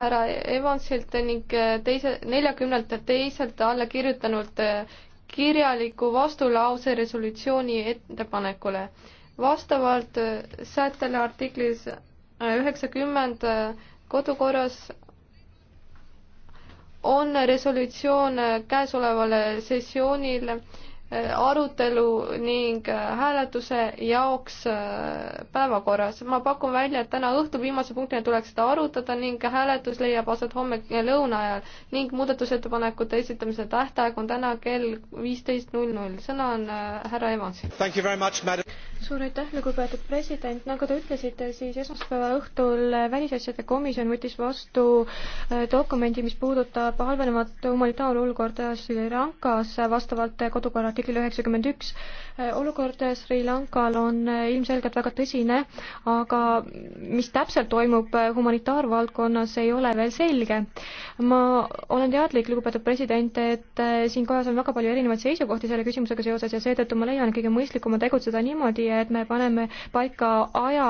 härra Evansilt ning äh, teise, neljakümnelt teiselt alla kirjutanult äh, kirjaliku vastulause resolutsiooni ettepanekule. vastavalt äh, sättele artiklis üheksakümmend kodukorras on resolutsioon käesolevale sessioonile arutelu ning äh, hääletuse jaoks äh, päevakorras. ma pakun välja, et täna õhtul viimase punktina tuleks seda arutada ning hääletus leiab aset homme lõuna ajal ning muudatusettepanekute esitamise tähtaeg on täna kell viisteist null null. sõna on äh, härra Evansil suur aitäh, lugupeetud president, nagu te ütlesite, siis esmaspäeva õhtul Välisasjade komisjon võttis vastu äh, dokumendi, mis puudutab halvenevat humanitaarolukorda Sri Lankas vastavalt kodukorra artiklile üheksakümmend üks. Äh, olukord Sri Lankal on äh, ilmselgelt väga tõsine, aga mis täpselt toimub humanitaarvaldkonnas, ei ole veel selge. ma olen teadlik, lugupeetud president, et siin kohas on väga palju erinevaid seisukohti selle küsimusega seoses ja seetõttu ma leian kõige mõistlikum on tegutseda niimoodi, oluline, et me paneme paika aja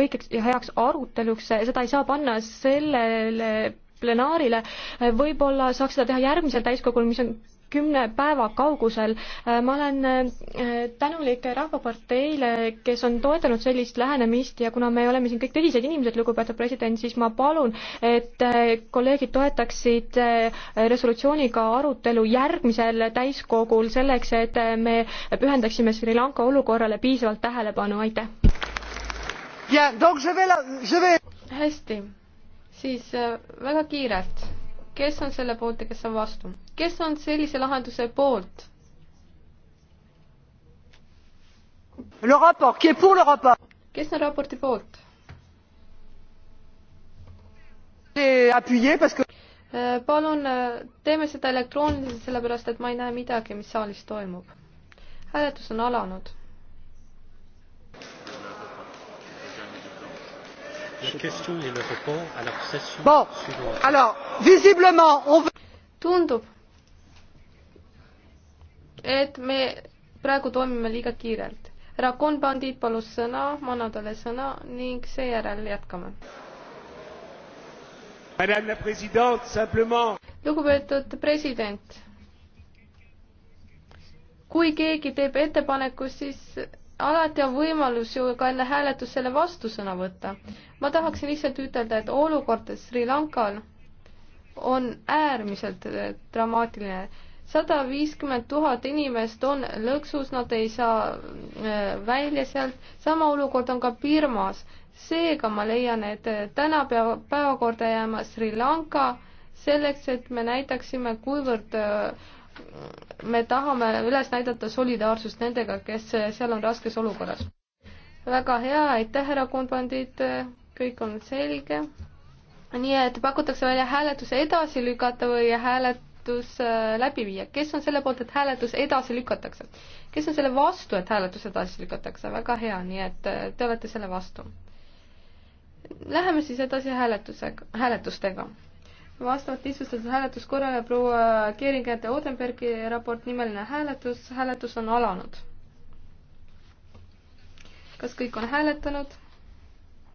õigeks ja heaks aruteluks, seda ei saa panna sellele plenaarile, võib-olla saaks seda teha järgmisel täiskogul, mis on kümne päeva kaugusel. Äh, ma olen äh, tänulik Rahvaparteile, kes on toetanud sellist lähenemist ja kuna me oleme siin kõik tõsised inimesed, lugupeetud president, siis ma palun, et äh, kolleegid toetaksid resolutsiooniga arutelu järgmisel täiskogul selleks, et me pühendaksime Sri Lanka olukorrale piisavalt tähelepanu, aitäh! hästi, siis väga kiirelt, kes on selle poolt ja kes on vastu? kes on sellise lahenduse poolt? kes on raporti poolt? Äh, palun äh, teeme seda elektrooniliselt, sellepärast et ma ei näe midagi, mis saalis toimub. hääletus on alanud. tundub, et me praegu toimime liiga kiirelt. Rakon Bandit palus sõna, ma annan talle sõna ning seejärel jätkame. lugupeetud president, kui keegi teeb ettepaneku, siis alati on võimalus ju ka enne hääletust selle vastusõna võtta. ma tahaksin lihtsalt ütelda, et olukord Sri Lankal on äärmiselt eh, dramaatiline sada viiskümmend tuhat inimest on lõksus, nad ei saa äh, välja sealt, sama olukord on ka Birmas. seega ma leian, et äh, täna peab päevakorda jääma Sri Lanka, selleks et me näitaksime, kuivõrd äh, me tahame üles näidata solidaarsust nendega, kes seal on raskes olukorras. väga hea, aitäh, härra kombandid, kõik on selge. nii et pakutakse välja hääletuse edasi lükata või häälet-, hääletus äh, läbi viia, kes on selle poolt, et hääletus edasi lükatakse? kes on selle vastu, et hääletus edasi lükatakse? väga hea, nii et äh, te olete selle vastu. Läheme siis edasi hääletusega, hääletustega. vastavalt lihtsustatud hääletuskorrale proua Keeringkäte Odenbergi raport nimeline hääletus, hääletus on alanud. kas kõik on hääletanud?